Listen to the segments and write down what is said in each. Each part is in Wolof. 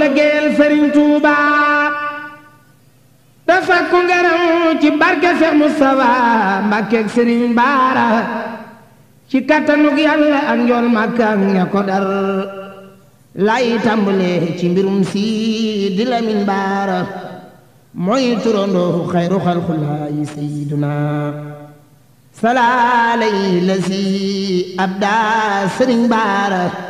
lëggéeyal Serigne Touba dafa ku ngërëm ci barke Seex Mustafa Mbàkke ak Baara ci kattanug yàlla ak njool Màkka ko dar lay tàmbalee ci mbirum si di Lamin Baara mooy turandoo xayru xalxulaayi sayyiduna salaale yi la si abda sëriñ baara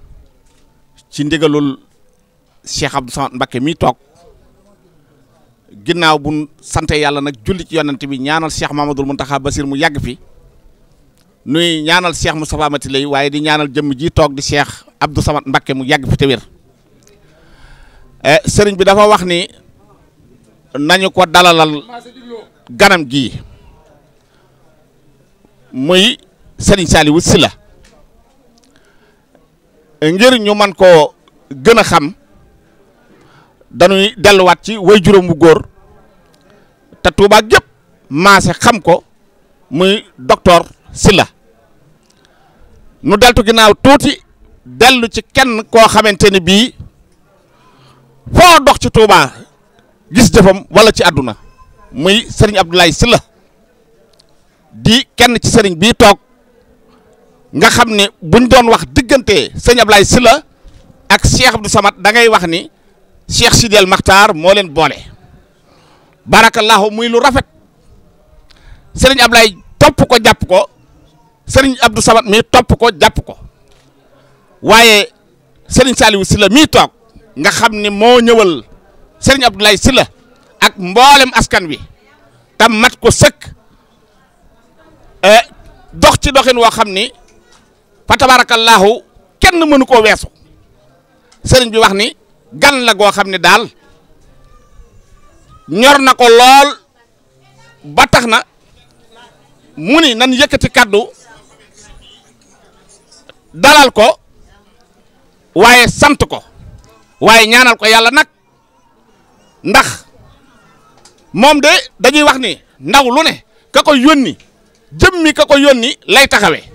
ci ndigalul Cheikh Abdou Samad Mbacké mi toog ginnaaw bu sante yàlla nag julli ci yonent bi ñaanal Cheikh Mamadou Mountakha Basir mu yàgg fi nuy ñaanal Cheikh mu Mati lay waaye di ñaanal jëmm ji toog di Cheikh Abdou Samad Mbacké mu yàgg fi te wér eh, sëriñ bi dafa wax ni nañu ko dalalal ganam gii muy sëriñ Saliou Sylla ngir ñu man koo gën a xam dañuy delluwaat ci way juróom bu góor te Tuubaa gépp maase xam ko muy docteur Sylla nu deltu ginnaaw tuuti dellu ci kenn koo xamante ni bii foo dox ci Tuubaa gis jëfam walla ci àdduna muy sëriñ Abdoulaye Sylla di kenn ci sëriñ bii toog nga xam ne buñ doon wax diggante sëñ Ablaye Sylla ak Cheikh Abdou Samad da wax ni Cheikh Sidiel Maxtaar moo leen boole barakallahu muy lu rafet sëriñ Ablaye topp ko jàpp ko sëriñ Abdou Samad mii topp ko jàpp ko waaye sëriñ Saliou Sylla mii toog nga xam ni moo ñëwal sëriñ Abdoulaye Sylla ak mboolem askan wi tam mat ko sëkk eh, dox ci doxin woo xam ni fa tabaarakallaahu kenn mënu koo weesu sëriñ bi wax ni gan la goo xam ne daal ñor na ko lool ba tax na mu ni nan yëkkati kàddu dalal ko waaye sant ko waaye ñaanal ko yàlla nag ndax moom de dañuy wax ni ndaw lu ne ka ko yónni jëmmi ka ko yónni lay taxawee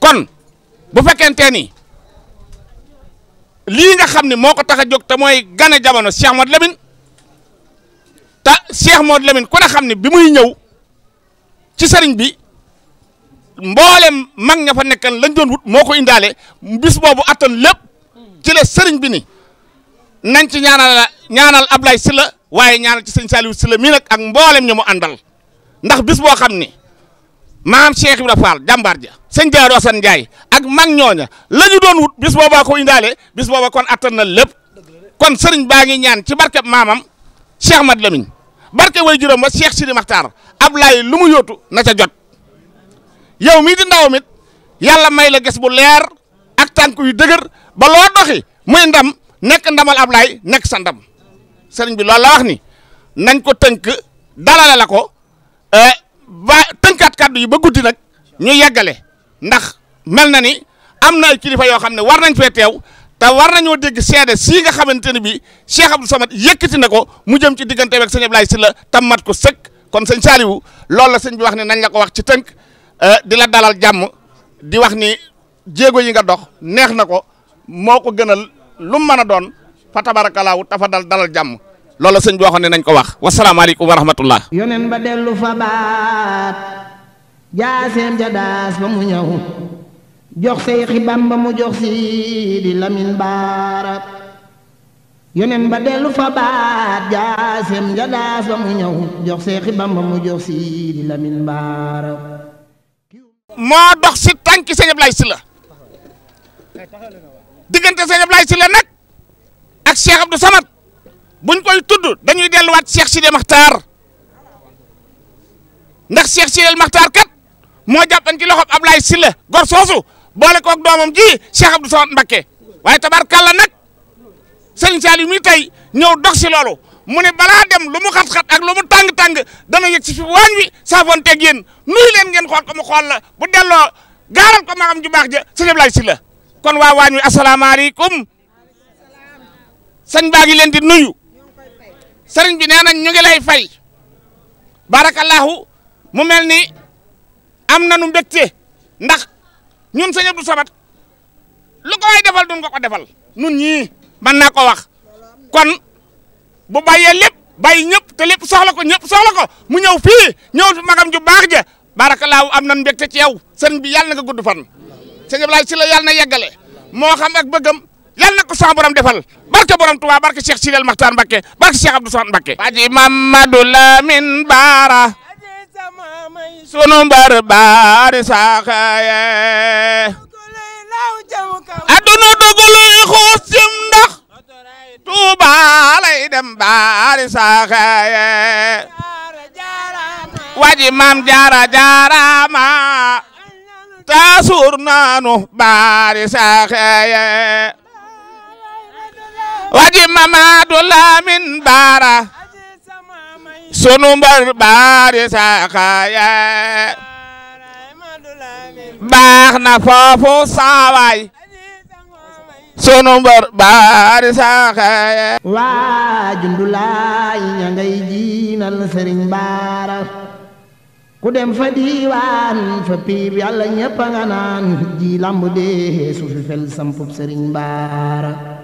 kon bu fekkente ni lii nga xam ne moo ko tax a jóg te mooy gane jamono Cheikh Modou Lamine te Cheikh Modou Lamine ku ne xam ne bi muy ñëw ci sëriñ bi mboolem mag ña fa nekkan lañ doon moo ko indaale bis boobu attan lépp ci sëriñ bi ni nañ ci ñaanal ñaanal Ablaye Sylla waaye ñaanal ci sëñ Saliou Sylla mii nag ak mboolem ñi mu àndal ndax bis boo xam ni maam Cheikh Ibra Fall jàmbaar ja sëñ Daaru Asan Njaay ak mag ñooña la ñu doon wut bis boobaa ko indaale bis booba kon attan na lépp kon sëriñ baa ngi ñaan ci barkeb maamam Cheikh Mat Lamin barke way juróom ba Cheikh Sidi Maxtaar Ablaay lu mu yootu na ca jot yow mii di ndaw mit yàlla may la ges bu leer ak tànk yu dëgër ba loo doxi muy ndam nekk ndamal Ablaay nekk sa ndam sëriñ bi loolu la wax ni nañ ko tënk dalale la ko eh, ba tënkaat kàddu yi ba guddi nag ñu yeggale ndax mel na ni am na ay kilifa yoo xam ne war nañ fee teew te war nañoo dégg seede sii nga xamante ne bii Cheikh Abdou Samad yëkkati na ko mu jëm ci diggante ak sëñ Ablaye Sylla tam mat ko sëkk kon sëñ Saliou loolu la sëñ bi wax ne nañ la ko wax ci tënk eh, di la dalal jàmm di wax ni jéego yi nga dox neex na ko moo ko gënal lu mu mën a doon fa tabarakalaaw tafa dal dalal jàmm. loolo sëñ bi waxoon ne nañ ko wax wasalaamaaleykum wa rahmatullah yonen ba dellu fa baat jaaseem ja ba mu ñëw jox say xibam ba mu jox di lamin baara yonen moo dox si tànki sëñ Ablaye diggante sëñ Ablaye Sylla nag ak Cheikh Abdou Samad buñ koy tudd dañuy delluwaat Cheikh Sidi Maxtaar ndax Cheikh Sidi Maxtaar kat moo jàppan ci loxob Ablaye Sylla gor soosu boole koog doomam ji Cheikh Abdou Samad Mbacké waaye tabarkalla nag sëriñ Saliou mi tey ñëw dox si loolu mu ne balaa dem lu mu xat-xat ak lu mu tàng-tàng dana yëg si fi waañ wi saafoonteeg yéen nuyu leen ngeen xool ko mu xool la bu delloo gaaral ko ma xam ju baax ja sëñ Ablaye Sylla kon waa waañ wi asalaamaaleykum sëñ baa ngi leen di sëriñ bi nee nañ ñu lay fay barakallahu mu mel ni am na nu mbégte ndax ñun sëñ Abdou Samad lu ko waay defal duñ ko defal nun ñii mën naa ko wax kon bu bàyyee lépp bàyyi ñëpp te lépp soxla ko ñëpp soxla ko mu ñëw fii ñëw fi magam ju baax ja barakallahu am na mbégte ci yow sëriñ bi yàlla na nga gudd fan sëñ Ablaye si la yàlla na yeggale moo xam ak bëggam yàlla na ko sama defal barke borom Tuubaa barke Cheikh Sidel Makhtar Mbacké barke Cheikh Abdou Samad Mbacké Aji Mamadou Lamine Bara sunu mbar baari saxaye aduna duguluy xuus cim ndox Tuuba lay baari saxaye waji jaara jaara ma taasur naanu baari saxaye waji Mamadu Lamin Baara sunu mbar baari saakaaya baax na foofu saawaay sunu mbar baari saakaaya waa jundulaay ña ngay jiinal sëriñ baara ku dem fa diiwaan fa piib yàlla ñëpp a nga naan ji lamb dee su fel sampub sëriñ baara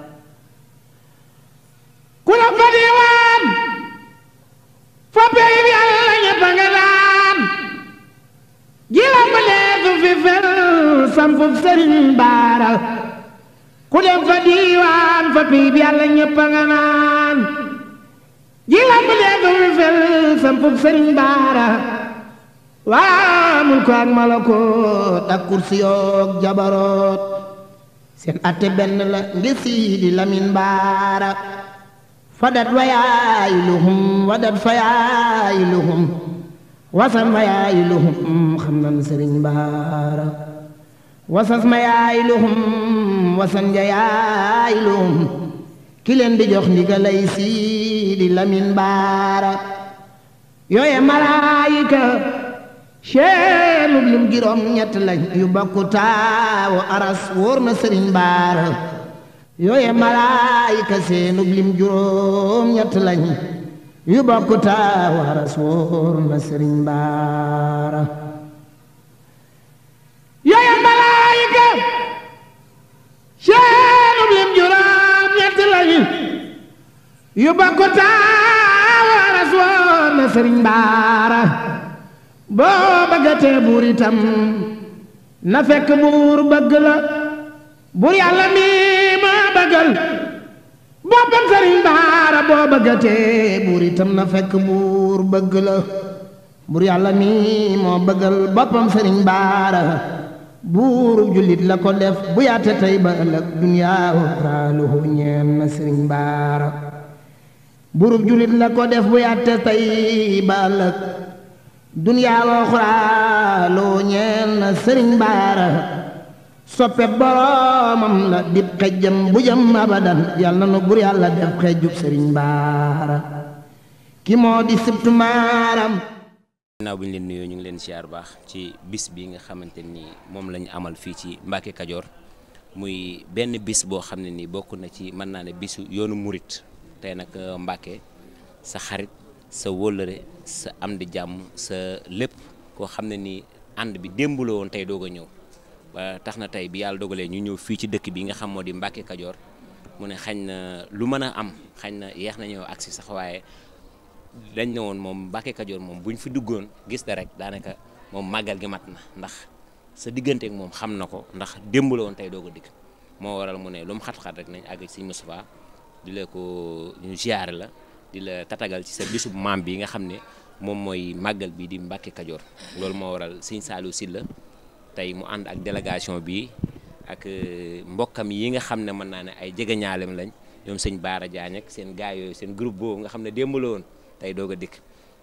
ku la fa diiwaan fa peyib yàlla ñëpp nga daan jilam ba leesu fi fel sampub sëriñ baara ku dem fa diiwaan fa peyib yàlla ñëpp nga naan jilam ba leesu fi fel sampub sëriñ baara waa mul malakoot ak kursiyoog jabaroot seen atte benn la ngi lamin baara فدت ويايلهم ودت فيايلهم وسم ويايلهم خمم سرين بارا وسسم يايلهم وسن جيايلهم كلن دي جوخ ndigal lay Sidi Lamine Bara yooye malaayika seenub lim juróom ñett lañ yu bokku taawu aras wóor na sëriñ Bara yooye malaayika seenub lim juróom ñett lañ yu bokku taaw xaras wóor na sëriñ baara yooye malaayika seenub lim juróom na fekk buur bëgg la buur yàlla mi dëggal boppam buur itam na fekk buur bëgg la buur yàlla mi moo bëggal boppam sëriñ baara buurub jullit la ko def bu yaate tey ba ëllëg dunyaa raaluhu ñeen na sëriñ baara buurub jullit la ko def bu yaate tey ba ëllëg dunyaa wa xuraaloo na sëriñ baara soppe boromam la dib xejjam bu jëm abadan yal na nu bur yàlla def xejjub sëriñ baara ki moo di sibtu maaram leen nuyoo ñu ngi leen siyaar baax ci bis bi nga xamante ni moom lañu amal fii ci Mbàkke Kajoor muy benn bis boo xam ne nii bokk na ci mën naa ne bisu yoonu murit tey nag euh, Mbàkke sa xarit sa wóllëre sa am di jàmm sa lépp koo xam ne nii ànd bi démbuloo woon tey doog ñëw ba euh, tax na tey bi yàlla dogalee ñu ñëw fii ci dëkk bi nga xam moo di Mbacke Kajoor mu ne xañ na lu mën a am xañ na yeex nañoo agsi sax waaye dañ ne woon moom Mbacke moom bu ñu fi duggoon gis da rek daanaka moom màggal gi mat na ndax sa diggante ak moom xam na ko ndax démb tey doog a dikk moo waral mu ne lu mu rek nañ àgg si Moustapha di la ko ñu la di la tatagal ci sa bisub maam bi nga xam ne moom mooy màggal bi di Mbacke Kajoor loolu moo waral Sëñ si la tey mu ànd ak délégation bi ak euh, mbokkam yi nga xam ne mën naa ne ay jegeñaalem lañ ñoom sëñ Baara Diagne ak seen gaay yooyu seen groupe boobu nga xam ne démb la woon tey doog a dikk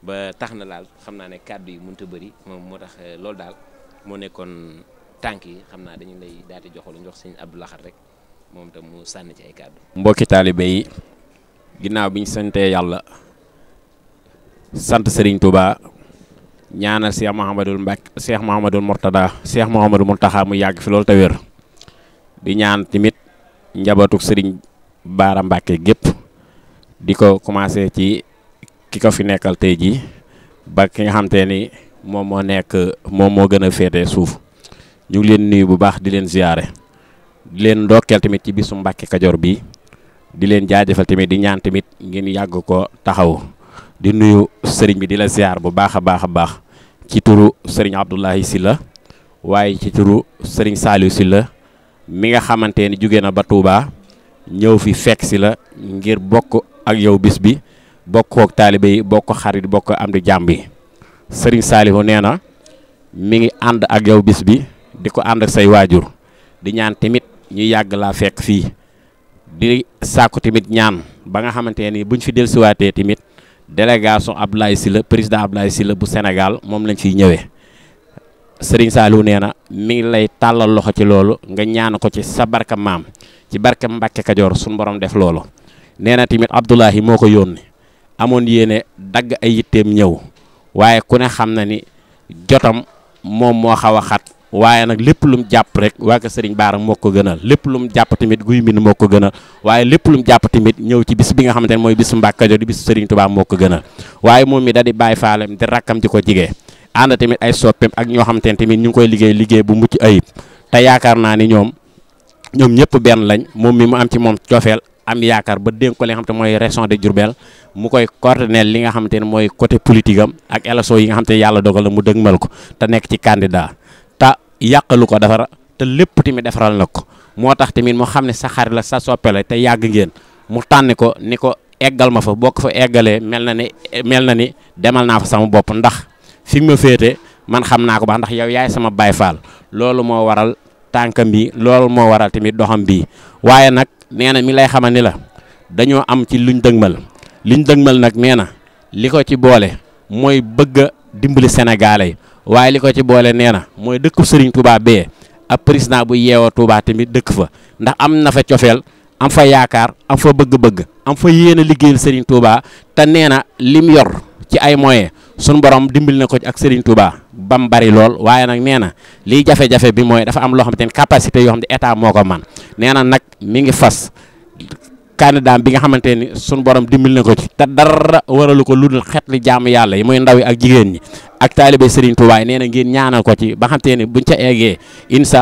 ba tax na laal xam naa ne kàddu yi mënut a bëri moom moo tax euh, loolu daal moo nekkoon tànk yi xam naa dañu lay daal di joxalu jox sëñ Abdou Lahad rek moom tam mu sànni ci ay kàddu. mbokki taalibe yi ginnaaw bi ñu santee yàlla sant Serigne Touba. ñaanal Cheikh Mouhamadul Mbacke Cheikh Mouhamadul Mourtada Cheikh Mouhamadul taxaa mu yàgg fi loolu te wér di ñaan tamit njabootug sëriñ Baara Mbacke gépp di ko commencé ci ki ko fi nekkal tey jii ba ki nga xam ni moom moo nekk moom moo gën a féete suuf ñu leen nuyu bu baax di leen ziyaare di leen ndokkeel tamit ci bisu Mbacke Kajoor bi di leen jaajëfal tamit di ñaan tamit ngeen yàgg ko taxaw di nuyu sëriñ bi di la ziar bu baax a baax a baax ci turu sëriñ Abdoulahi Sylla waaye ci turu sëriñ Saliou Sylla mi nga xamante ni jóge na ba Touba ñëw fi fekk si la ngir bokk ak yow bis bi bokk ak taalibe yi bokk xarit bokk am di jàmm yi sëriñ Saliou nee na mi ngi ànd ak yow bis bi di ko ànd ak say waajur di ñaan tamit ñu yàgg laa fekk fii di sàkku tamit ñaan ba nga xamante ni buñ fi dellusiwaatee tamit délégation Abdoulaye Sylla président Abdoulaye Sylla bu Sénégal moom lañ fiy ñëwee Serigne Saliou nee na mi ngi lay tàllal loxo ci loolu nga ñaan ko ci sa barka maam ci barka Mbàkke Kajoor suñu borom def loolu nee na tamit Abdoulahi moo ko yónni amoon yéene dagg ay yitteem ñëw waaye ku ne xam na ni jotam moom moo xaw a xat waaye nag lépp lum jàpp rek waa kër Serigne Bara moo ko gënal lépp lum jàpp tamit guy mbind moo ko gënal waaye lépp lum jàpp tamit ñëw ci bis bi nga xamante ne mooy bisu Mbacke Kadior di bisu Serigne Touba moo ko gënal waaye moom mi da di bàyyi faalem di rakkam ci ko jigee ànd tamit ay soppeem ak ñoo xamante ne tamit ñu ngi koy liggéey liggéey bu mucc ayib te yaakaar naa ni ñoom ñoom ñëpp benn lañ moom mi mu am ci moom cofeel am yaakaar ba dénk ko li xam te mooy région de Diourbel mu koy coordonné li nga xamante ne mooy côté politique ak élection yi nga xam te yàlla dogal na mu dëgmal ko te nekk ci candidat ta yàqalu ko defara te lépp tamit defaral na ko moo tax tamit mu xam ne sa xarit la sa soppe la te yàgg ngeen mu tànn ko ni ko eggal ma fa bokk fa eggalee mel na ni mel na ni demal naa fa sama bopp ndax fi ma féete man xam naa ko baax ndax yow yaay sama baay faal loolu moo waral tànkam bi loolu moo waral tamit doxam bi waaye nag nee na mi lay xamal ni la dañoo am ci luñ dëgmal liñ dëgmal nag nee na li ko ci boole mooy bëgg a dimbali yi waaye li ko ci boole nee na mooy dëkk Serigne Touba bee ab président bu yeewoo Touba tamit dëkk fa ndax am na fa cofeel am fa yaakaar am fa bëgg-bëgg am fa yéen a liggéeyal Serigne Touba te nee na lim yor ci ay moyens sunu borom dimbil na ko ak Serigne Touba bam bari lool waaye nag nee na liy jafe-jafe bi mooy dafa am loo xam te ne capacité yoo xam ne état moo ko man nee na nag mi ngi fas candidat bi nga xamante ni sunu borom dimbali na ko ci te dara waralu ko lu dul xetli jaamu yàlla yi muy ndaw yi ak jigéen ñi ak taalibe Serigne Touba nee na ngeen ñaanal ko ci ba xam te ne buñ ca eggee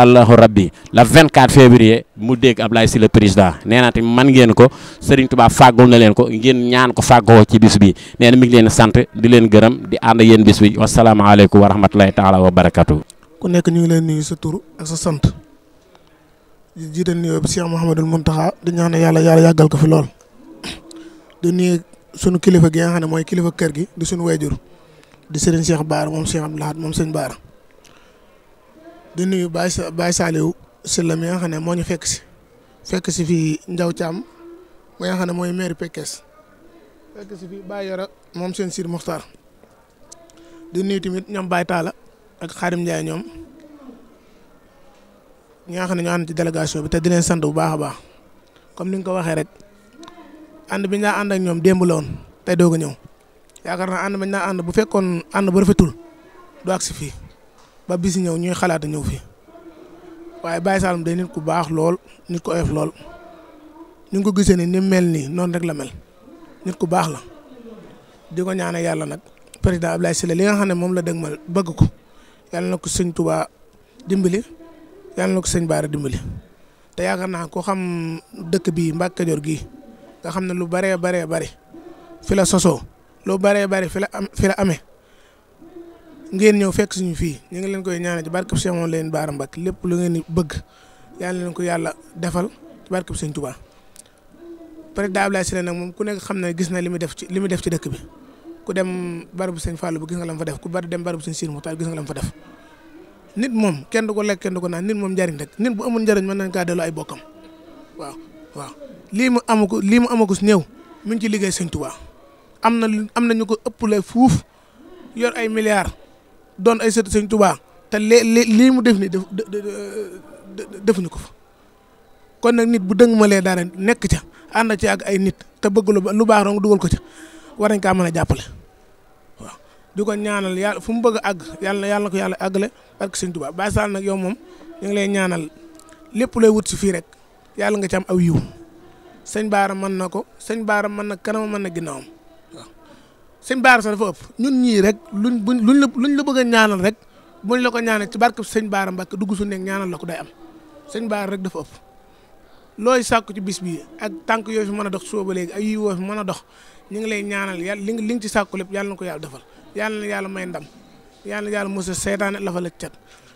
allahu rabbi la 24 mu dégg Ablaye Sylla président nee naa tamit man ngeen ko Serigne Touba fàggul na leen ko ngeen ñaan ko fàggoo ci bis bi nee na mi ngi leen sant di leen gërëm di ànd yéen bis bi wasalaamaaleykum wa rahmatulahi taala wa ku nekk ñu ngi leen nuyu sa tur ak sa sant. di jiite nuyoo bi Cheikh Mouhamadul Mountakha di ñaan yàlla yàlla yàggal ko fi lool di nuyu sunu kilifa gi nga xam ne mooy kilifa kër gi di sunu wayjur di sëriñ Cheikh Baar moom Cheikh Abdou Lahad moom sëñ Baar di nuyu Baye Sa Baye Saliou Sylla xam ne moo ñu fekk si fekk si fii Ndiaw Thiam mi ne mooy maire Pekes fekk si fii Baye Yoro moom seen Sir Mokhtar di nuyu tamit ñoom Baye Talla ak Xarim Ndiaye ñoom. ñi nga ne ñoo ànd ci délégation bi te di sant bu baax a baax comme ni nga ko waxee rek ànd bi ñu ànd ak ñoom démb la woon tey doog a ñëw yaakaar naa ànd bi ñu daan ànd bu fekkoon ànd ba rafetul du agsi fii ba bisi ñëw ñuy xalaat a ñëw fii waaye Baye Saloum day nit ku baax lool nit ku oyof lool ñu ngi ko gisee ni ni mel nii noonu rek la mel nit ku baax la di ko ñaanal yàlla nag président Abdoulaye Sylla li nga xam ne moom la dëgmal bëgg ko yàlla na ko sëñ dimbali. yàlla na ko sëñ Baara dimbali te yaakaar naa ko xam dëkk bi Mbàkke Kajoor gi nga xam ne lu baree baree bari fi la sosoo lu baree bari fi la am fi la amee ngeen ñëw fekk suñu fii ñu ngi leen koy ñaanal ci barkeb Cheikh moom leen Baara Mbàkke lépp lu ngeen bëgg yàlla na leen ko yàlla defal ci barkeb Sëñ Tuubaa président Abdoulaye Sylla nag moom ku nekk xam ne gis na li muy def ci li muy def ci dëkk bi ku dem barabu Sëñ Fallou bu gis nga la fa def ku bari dem barabu Sëñ Siir Muxtaar gis nga la mu def nit moom kenn du ko lekk kenn du ko naan nit moom njariñ rek nit bu amul njariñ mën nañ kaa delloo ay bokkam waaw waaw lii mu amu ko lii mu amagu si néew mi ngi ci liggéey Sëñ Tuubaa am na am na ñu ko ëppale fuuf yor ay milliards doon ay sët Sëñ Tuubaa te lee lii mu def ni def defuñu ko fa kon nag nit bu dëng malee daara nekk ca ànd ci ak ay nit te bëgg lu baax rong dugal ko ca war nañ kaa mën a jàppale di ko ñaanal yàlla fu mu bëgg a àgg yàlla yàlla ko yàlla àggale barke sëñ Tuubaa Baye Sall na yow moom ñu ngi lay ñaanal lépp lay wut si fii rek yàlla nga ci am aw yiw sëñ Baara mën na ko sëñ Baara mën na kanama mën na ginnaawam waaw sëñ Baara sax dafa ëpp ñun ñii rek luñ buñ luñ la luñ la bëgg a ñaanal rek buñ la ko ñaanal ci barke sëñ Baara Mbàkke dugg su nekk ñaanal la ko day am sëñ Baara rek dafa ëpp. looy sàkku ci bis bi ak tànk yooyu mën a dox suba ba ay yiw mën a dox ñu ngi lay ñaanal li nga li ci sàkku yàlla na ko yàlla defal yàlla na yàlla may ndam yàlla na yàlla mos a seetaan la fa la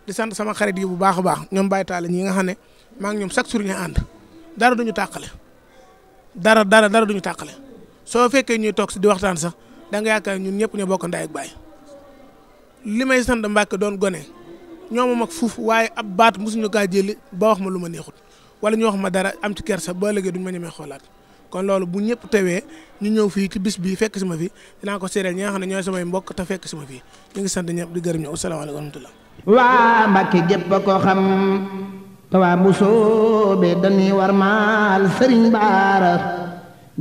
di sant sama xarit yi bu baax a baax ñoom Baye taale ñi nga xam ne maa ngi ñoom chaque jour ñu ànd dara duñu tàqale dara dara dara duñu tàqale soo fekkee ñuy toog si di waxtaan sax da nga yaakaar ñun ñëpp ñoo bokk ndaay ak baay li may sant Mbàkke doon gone ñoom mag fuuf waaye ab baat mosuñu kaa jëli ba wax ma lu ma neexut wala ñu wax ma dara am ci kersa ba léegi duñ ma ñemee xoolaat. kon loolu bu ñëpp tewee ñu ñëw fii ci bis bi fekk si ma fi dinaa ko séeréel ñi nga xam ne ñooy samay mbokk ta fekk si ma fi ñu ngi sant ñëpp di gërëm ñu asalaamaaleykum wa rahmatullah a ko xam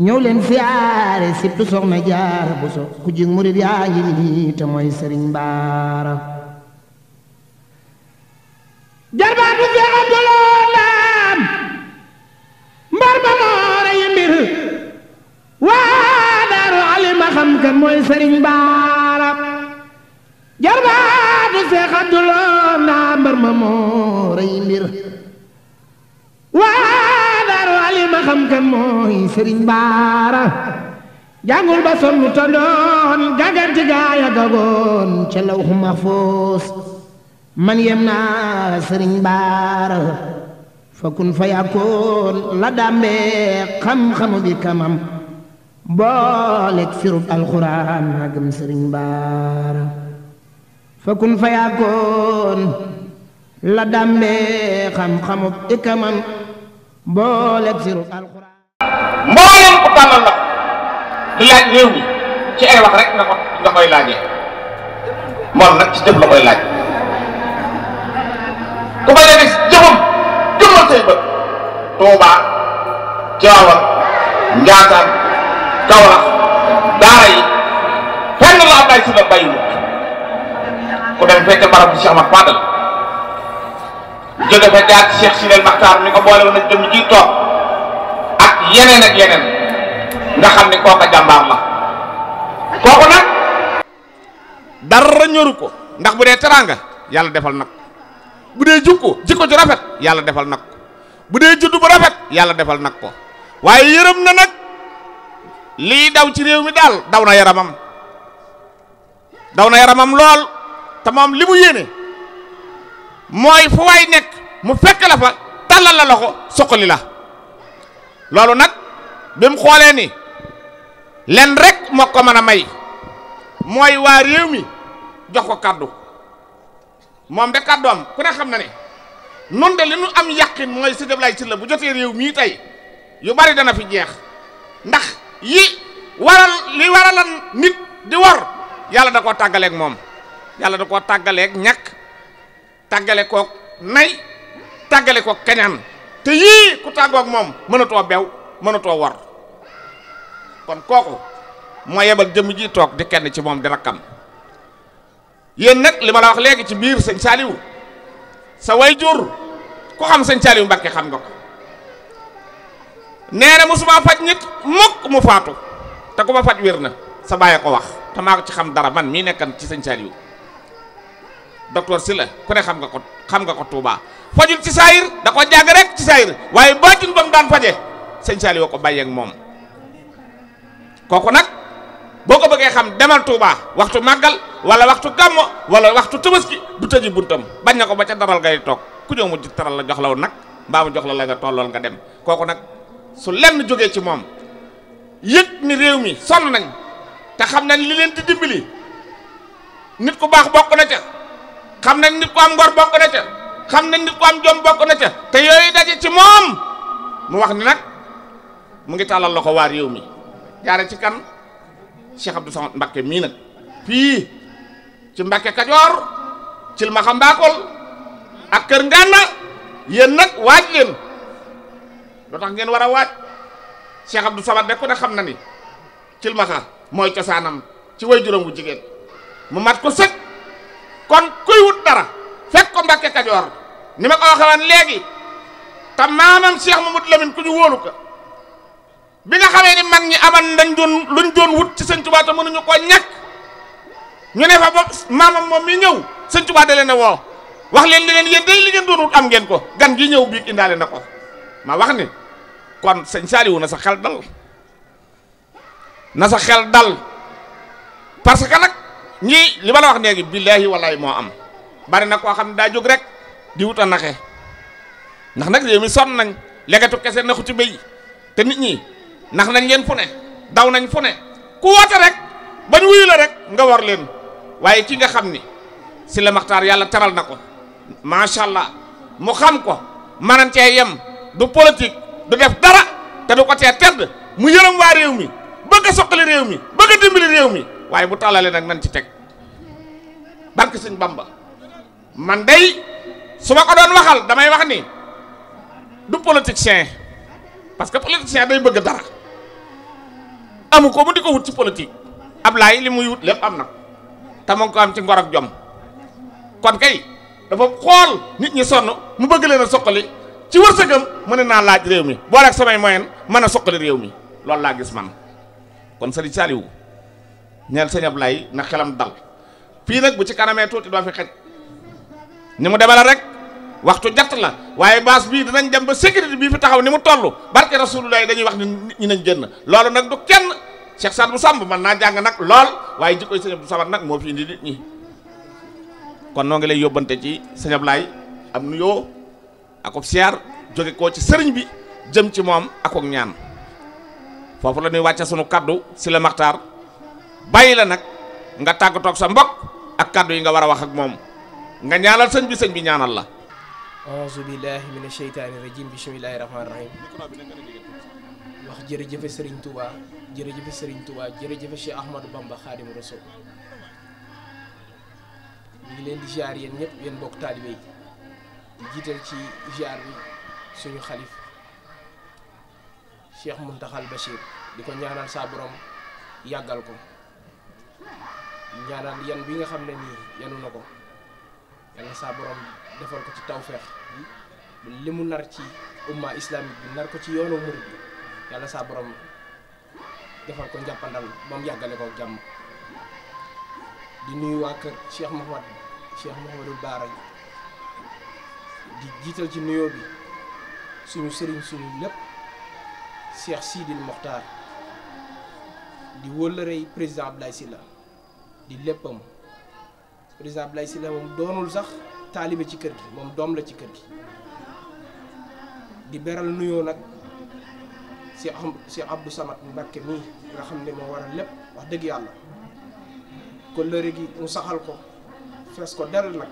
ñëw leen siyaare siptu soxna jaara bu so ku jig murit yaa ngi nii te sëriñ baara kan mooy Serigne Baara jarbaatu ma moo rëy mbir waa daaru ali xam kan mooy Serigne Baara jàngul ba sonn mu tondoon gaaya gagoon ca lawhu mahfuus man yem naa Serigne Baara fa kun fa yàkkoon la dàmbee xam-xamu bi kamam booleeg firub alxuraan maa gëm sëriñ baara fa kun fa yàggoon la dàmbee xam-xamub ikamam booleeg firub alxuraan mbooleem ku tànnal na di laaj réew mi ci ay wax rek nga koy laajee moom nag ci jëf la koy laaj ku koy defee jëfam Kaolack daara yi fenn la Abdoulaye Sylla bàyyiwul ku dem fekk mbaram Cheikh Ahmad Fadal jóge fa jaar Cheikh Sidel Maxtaar mi ko boole woon nañ dem ji toog ak yeneen ak yeneen nga xam ne kooka jàmbaar la kooku nag dara ñoru ko ndax bu dee teraanga yàlla defal nag bu dee jukko jikko ju rafet yàlla defal nag ko bu dee juddu bu rafet yàlla defal nag ko waaye yërëm na nag lii daw ci réew mi daal daw na yaramam daw na yaramam lool te moom li mu yéene mooy fu waay nekk mu fekk la fa tàllal la loxo soqali la loolu nag bi mu xoolee ni len rek moo ko mën a may mooy waa réew mi jox ko kàddu moom de kàddoom ku ne xam na ne nun de li nu am yàqin mooy Sëñ Ablaye Sylla bu jotee réew mii tey yu bari dana fi jeex ndax yi waral li waralan nit di wor yàlla da koo tàggaleek moom yàlla da koo tàggaleeg ñàkk tàggale kook nay tàggale koog kañaan te yii ku tàggoog moom mënatoo bew mënatoo wor kon kooku moo yebal jëmm ji toog di kenn ci moom di rakkam yéen nag li ma la wax léegi ci biir sëñ Saliou sa way jur ku xam sëñ Saliou Mbacke xam nga ko nee na musuma faj nit mukk mu faatu te ku ma faj wér na sa bàyyi ko wax te maa ci xam dara man mii nekkan ci sëñ Saliou docteur Sylla xam nga ko xam nga ko tuubaa fajul ci saayir da ko jàng rek ci saayir waaye baatin ba mu daan faje sëñ Saliou ko bàyyeeg moom kooku nag boo ko bëggee xam demal Touba waxtu màggal wala waxtu gàmmo wala waxtu tabaski du tëji buntam bañ na ko ba ca daral ngay toog ku ñëw ji taral la jox law nag mbaa mu jox la la nga tollool nga dem kooku nag su lenn jógee ci moom yëg ni réew mi sonn nañ te xam nañ li leen di dimbali nit ku baax bokk na ca xam nañ nit ku am ngor bokk na ca xam nañ nit ku am jom bokk na ca te yooyu daje ci moom mu wax ni nag mu ngi tàllal loxo waa réew mi jaare ci kan Cheikh Abdou Samad Mbacké mii nag fii ci Mbacké Kajoor ci ma ak kër Ngana yéen nag waaj leen loo tax ngeen war a waaj Cheikh du Samad de ku ne xam na ni cilmaxa mooy cosaanam ci way juróom bu jigéen mu mat ko sëg kon kuy wut dara fekk ko Mbàkke Kajoor ni ma ko waxee léegi te maamam Cheikh Mamadou Lamine ku ñu wóolu ko bi nga xamee ni mag ñi aban dañ doon luñ doon wut ci Sëñ Tuubaa te mënuñu koo ñàkk ñu ne fa ba maamam moom mi ñëw Sëñ Tuubaa da leen a woo wax leen li leen yéen day li ngeen wut am ngeen ko gan gi ñëw biig indaale na ko ma wax ni kon sëñ Saliou na sa xel dal na sa xel dal parce que nag ñii li ma la wax léegi billaahi wallaahi moo am bari na koo xam ne daa jóg rek di wut a naxe ndax nag réew mi sonn nañ legetu kese naxu ci béy te nit ñi nax nañ leen fu ne daw nañ fu ne ku woote rek bañ wuyu la rek nga war leen waaye ki nga xam ni si la maxtaar yàlla teral na ko macha allah mu xam ko manan cee du politique. du def dara te du ko tee tedd mu yërëm waa réew mi bëgg a soqali réew mi bëgg a réew mi waaye bu tallalee nag nan ci teg barke sëñ Bamba man day su ma ko doon waxal damay wax ni du politicien parce que politicien day bëgg dara amu ko mu di ko wut ci politique Ablaay li muy wut lépp am na te mu ngi ko am ci ngor ak jom kon kay dafa xool nit ñi sonn mu bëgg leen a soqali ci wërsëgam mu ne naa laaj réew mi boole ak samay moyen mën a soqali réew mi loolu laa gis man kon sëriñ Saliou ñeel sëñ Ablaye na xelam dal fii nag bu ci kanamee tuuti doo fi xej ni mu demee la rek waxtu jatt la waaye baas bii dinañ dem ba sécurité bii fi taxaw ni mu toll barke rasulullah dañuy wax ni ñi nañ jën loolu nag du kenn Cheikh Sadou Samb mën naa jàng nag lool waaye jikkoy sëñ Abdou Samad nag moo fi indi nit ñi kon lay yóbbante ci sëñ Ablaye am nuyoo akob siyaar jóge ko ci sëriñ bi jëm ci moom akook ñaan foofu la ñuy wàcce sunu kàddu si la maxtaar bàyyi la nag nga tàggatoog sa mbokk ak kaddu yi nga war a wax ak moom nga ñaanal sëñ bi sëñ bi ñaanal la aouzu billahi min asheytaani rajim bismillahi rahmaani sëriñ Touba jërëjëfe sëriñ Touba jërëjëfe Cheikh Ahmadou Bamba Xaadimu Rasuul ñu jiital ci ziar bi suñu xalifa Cheikh Muntaxal Bachir di ko ñaanal saa borom yàggal ko ñaanal yan bi nga xam ne nii yanu na ko yàlla saa borom defal ko ci tawféex li mu nar ci umma islamique bi nar ko ci yoonu murid bi yàlla saa borom defal ko njàppandal ba yàggale ko jàmm di nuyu waa kër Cheikh Mouhamad Cheikh Mouhamadul Baara di jiital ci nuyoo bi suñu sëriñ suñu lépp Cheikh Sidil Mokhtar di wëllërey président Abdoulaye la di léppam président Abdoulaye Sylla moom doonul sax taalibe ci kër gi moom doom la ci kër gi di beral nuyoo nag Cheikh Cheikh Abdou Samad Mbacké mii nga xam ne moo waral lépp wax dëgg yàlla ko gi mu saxal ko fees ko dell nag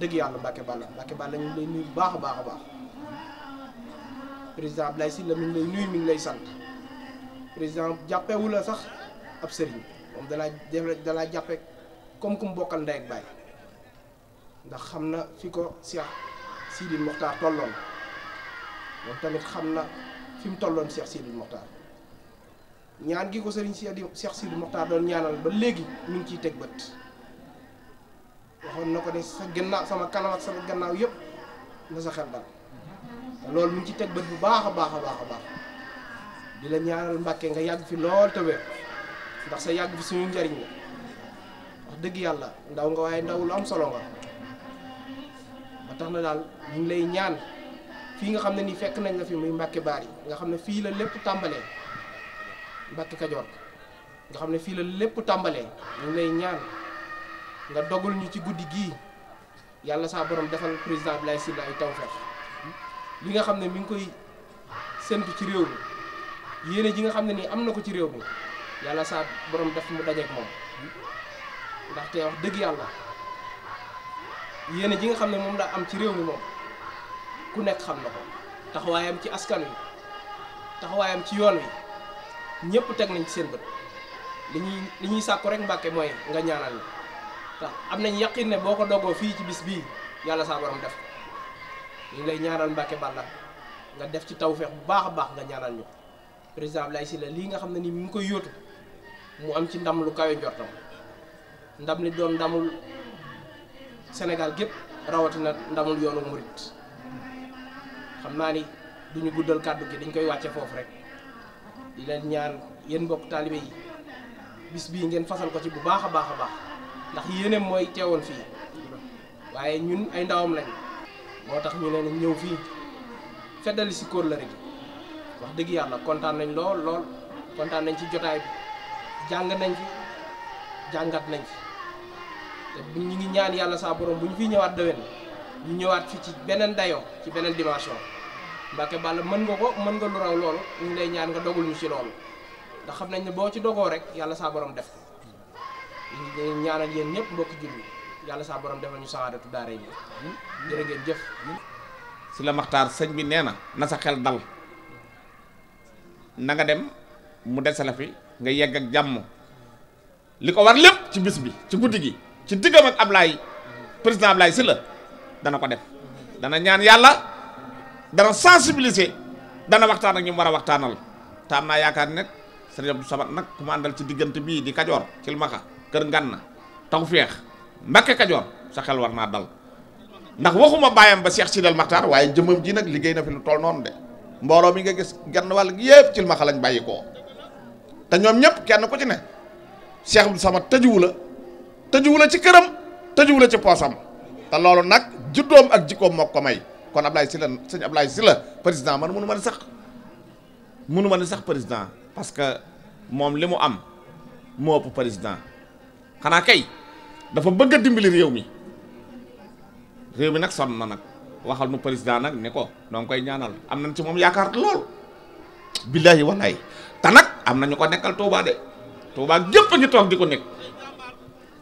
dëgg yàlla Mbacke Balla Mbacke Balla ñu ngi lay nuyu bu baax baax a baax président Abdoulaye Sylla mi ngi lay nuyu mi ngi lay sant président jàppewu la sax ab sëriñ moom dalaa dalaa jàppe comme ku mu bokkal ndey ak baay ndax xam na fi ko Cheikh Sidi Mokhtar tolloon moom tamit xam na fi mu tolloon Cheikh Sidi Mokhtar ñaan gi ko sëriñ Cheikh Sidi Mokhtar doon ñaanal ba léegi ñu ngi ciy teg bët waxoon na ko de sa gannaaw sama kanam ak sama gannaaw yëpp na sa xel dal te loolu mu ci teg bët bu baax a baax a baax a baax di la ñaanal mbàkke nga yàgg fi lool te wér ndax sa yàgg fi suñu njariñ la wax dëgg yàlla ndaw nga waaye ndaw lu am solo nga ba tax na daal ñu lay ñaan fii nga xam ne nii fekk nañ la fi muy mbàkke baar yi nga xam ne fii la lépp tàmbalee mbàkke kajoor nga xam ne fii la lépp tàmbalee ñu ngi lay ñaan nga dogul ñu ci guddi gii yàlla saa borom defal président Abdoulaye Sylla ay tawfeex li nga xam ne mi ngi koy séntu ci réew mi yéene ji nga xam ne nii am na ko ci réew mi yàlla saa boroom def mu dajeek moom ndaxte wax dëgg yàlla yéene ji nga xam ne moom la am ci réew mi moom ku nekk xam na ko taxawaayam ci askan wi taxawaayam ci yoon wi ñëpp teg nañ ci seen bët li ñuy li ñuy sàkku rek mbàkke mooy nga ñaanal ni tax am nañ yaqin ne boo ko doggoo fii ci bis bii yàlla saa borom def ñu ngi lay ñaanal Mbàkke Balla nga def ci tawfeex bu baax a baax nga ñaanal ñu président Abdoulaye Sylla lii nga xam ne ni mu ngi koy yóotu mu am ci ndam lu kawe njortam ndam li doon ndamul Sénégal gépp rawatina ndamul yoonu murit xam naa ni duñu guddal kàddu gi dañ koy wàcce foofu rek di leen ñaan yéen mbokk taalibe yi bis bii ngeen fasal ko ci bu baax a baax a baax ndax yéeneem mooy teewoon fii waaye ñun ay ndawam lañ moo tax ñu leen ñëw fii feddali si kóor la rek wax dëgg yàlla kontaan nañ lool lool kontaan nañ ci jotaay bi jàng nañ fi jàngat nañ fi te bu ñu ngi ñaan yàlla saa borom bu ñu fiy ñëwaat déwén ñu ñëwaat fi ci beneen dayoo ci beneen dimension Mbàkke Bàlla mën nga ko mën nga lu raw loolu ñu ngi lay ñaan nga dogul ñu ci loolu ndax xam nañ ne boo ci dogoo rek yàlla saa borom def ñu ñaanal yéen ñëpp mbokki julli yàlla saa borom defal ñu sawaadatu daara yi jërë ngeen sëñ bi nee na na sa xel dal nanga dem mu dese la fi nga yegg ak jàmm li ko war lépp ci bis bi ci guddi gi ci diggam ak Ablaye président Ablaye si la dana ko def dana ñaan yàlla dana sensibiliser dana waxtaan ak ñu war a waxtaanal te am naa yaakaar ne sëriñ Abdou Samat nag ku àndal ci diggante bii di Kajoor ci kër Nganna feex Mbàkke Kajoor sa xel war naa dal ndax waxuma baayam ba si lal Maxtaar waaye jëmmam ji nag liggéey na fi lu toll noonu de mbooloo mi nga gis genn wàll gi yëpp ci ma xalañ bàyyi koo te ñoom ñëpp kenn ku ci ne Cheikh Abdou sama tëjuwu la tëjuwu la ci këram tëjuwu la ci poosam te loolu nag juddoom ak jikkoom moo ko may kon Ablaye Sylla sëñ Ablaye la président man mënu ma ne sax mënu ma ne sax président parce que moom li mu am moo président xanaa kay dafa bëgg a dimbali réew mi réew mi nag son na nag waxal nu président nag ni ko dong koy ñaanal am nañ ci moom yaakaar lool billaahi wallaay te nag am na ñu ko nekkal Touba de Touba gépp a ngi toog di ko nekk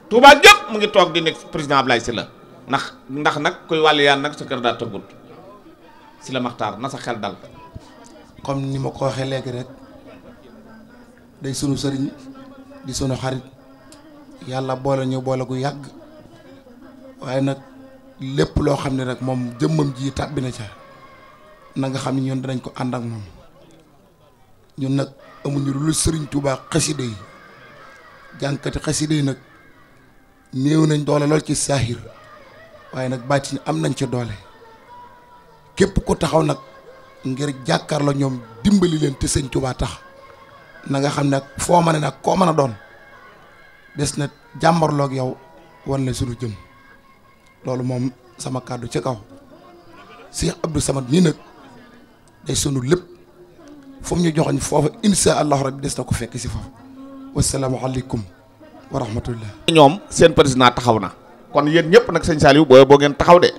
Touba gépp mu ngi toog di nekk président si la ndax ndax nag koy wàllu yaan nag sa kër daa si Sylla Maxtaar na sa xel dal comme ni ma ko waxee léegi rek day sunu sëriñ di sunu xarit yàlla boole ñu boole gu yàgg waaye nag lépp loo xam ne rek moom jëmmam ji tàbbi na ca nanga xam ne ñun ko ànd ak moom ñun nag amuñu lu sëriñ Tuubaa xaside yi jànkati xaside yi nag néew nañ doole lool ci saahir waaye nag bàcc am nañ ci doole képp ku taxaw nag ngir jàkkaarloo ñoom dimbali leen te sëñ Tuubaa tax na nga xam ne foo mën a nag koo mën a doon des na jàmbarloog yow wan la suñu jëm loolu moom sama kàddu ci kaw Cheikh Abdou Samad nii nag day sunu lépp fu ñu joxoñ foofu insha allahu rabbi des na ko fekk si foofu wasalaamualeykum wa rahmatullah ñoom seen président taxaw na kon yéen ñëpp nag sëñ Saliou booy boo ngeen taxaw de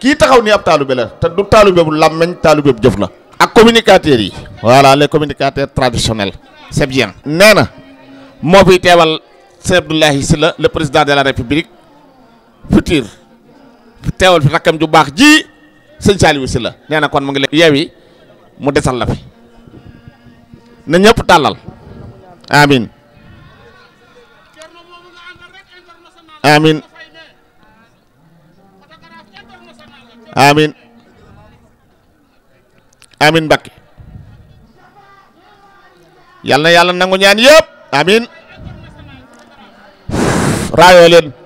kii taxaw nii ab taalube la te du taalube bu làmmeñ taalube bu jëf la ak communicateurs yi voilà les communicateurs traditionnels c'est bien nee moo fiy teewal Sëñ Abdoulaye Sylla le président de la république futur teewal fi rakkam ju baax ji sëñ Saliou Sylla nee na kon mu ngi leen yeewi mu desal la fi na ñëpp tàllal amin amin amin Mbakke yal na yàlla nangu ñaan yëpp amin raayoo leen